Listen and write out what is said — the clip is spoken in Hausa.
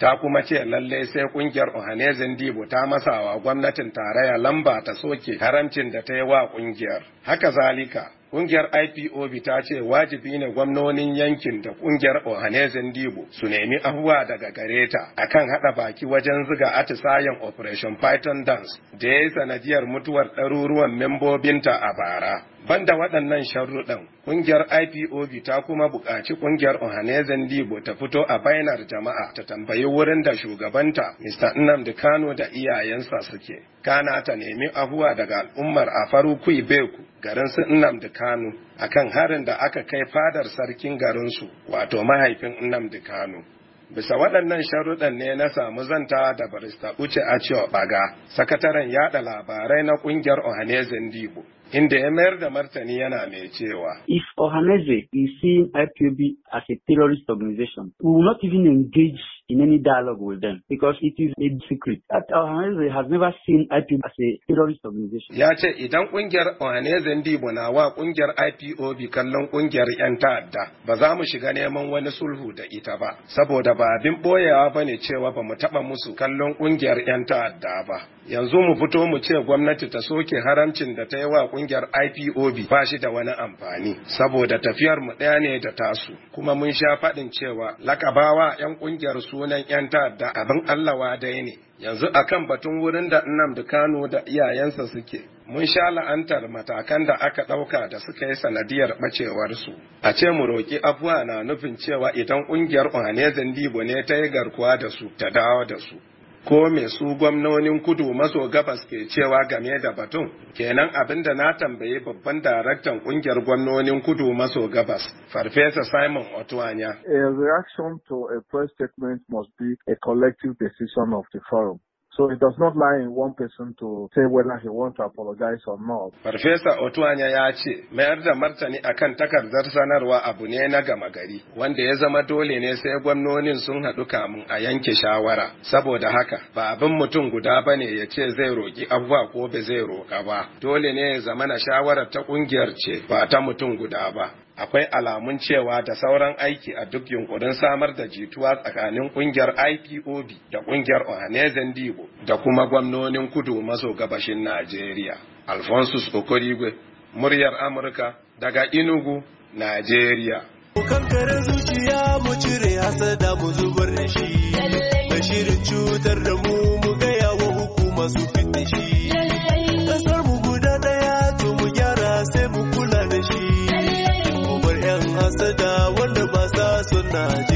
ta kuma ce lalle sai kungiyar Ohanezen Dibo ta masawa gwamnatin tarayya lamba ta soke haramcin da ta yi wa kungiyar. Haka zalika, Ƙungiyar IPOB ta ce wajibi ne gwamnonin yankin da kungiyar Ohanezen Dibo su nemi ahuwa daga gareta akan haɗa baki wajen zuga atisayen Operation Python Dance da ya yi sanadiyar mutuwar ɗaruruwan membobinta a bara. Banda waɗannan sharuɗan ƙungiyar IPOB ta kuma buƙaci ƙungiyar Ohanezen Dibo ta fito a bainar jama'a ta tambayi wurin da shugabanta Mr. Nnamdi Kano da iyayensa suke. Kana ta nemi ahuwa daga al'ummar a Farukui Beku garin su Nnamdi kano akan harin da aka kai fadar sarkin garinsu wato mahaifin da Kano. Bisa waɗannan sharuɗan ne na samu zanta da barista Uche Achiwa Baga, sakataren yaɗa labarai na ƙungiyar Ohanezen Dibo, inda ya mayar da martani yana mai cewa. If Ohaneze is seeing IPOB as a terrorist organization, we will not even engage in any dialogue with them because it is a secret that hands has never seen IPOB as a terrorist organization. Ya ce idan kungiyar Ohaneze mu na wa kungiyar IPOB kallon kungiyar 'yan ta'adda ba za mu shiga neman wani sulhu da ita ba saboda ba abin boyewa bane cewa ba mu taɓa musu kallon kungiyar 'yan ta'adda ba. Yanzu mu fito mu ce gwamnati ta soke haramcin da ta yi wa kungiyar IPOB ba shi da wani amfani saboda tafiyar mu ɗaya ne da tasu kuma mun sha faɗin cewa lakabawa 'yan kungiyar su sunan 'yan ta'adda abin Allah dai ne yanzu akan batun wurin da Nnamdi Kano da iyayensa suke mun sha la'antar matakan da aka ɗauka da suka yi sanadiyar ɓacewarsu a ce mu roƙi afwa na nufin cewa idan ƙungiyar Ohane Dibo ne ta yi garkuwa da su ta dawo da su ko me su gwamnonin kudu maso gabas ke cewa game da batun kenan abin da na tambayi babban daraktan kungiyar gwamnonin kudu maso gabas farfesa simon otuanya a reaction to a press statement must be a collective decision of the forum So it does not lie in one person to say whether he wants to apologize or not. Farfesa Otuanya ya ce, mayar da martani akan takardar sanarwa abu ne na gama gari, wanda ya zama dole ne sai gwamnonin sun haɗu kamun a yanke shawara. Saboda haka, ba abin mutum guda ba ne ya ce zai roƙi abubuwa ko ba zai roƙa ba. Dole ne ya zama na shawarar ta ƙungiyar ce ba ta mutum guda ba. akwai alamun cewa da sauran aiki a duk yunkurin samar da jituwa tsakanin kungiyar IPOB da kungiyar Ohanezen Dibo da kuma gwamnonin kudu maso gabashin Najeriya. Alphonsus Okorigwe, muryar Amurka daga Inugu, Najeriya. Kankarin zuciya mu cire hasada mu zubar da shi. detalle.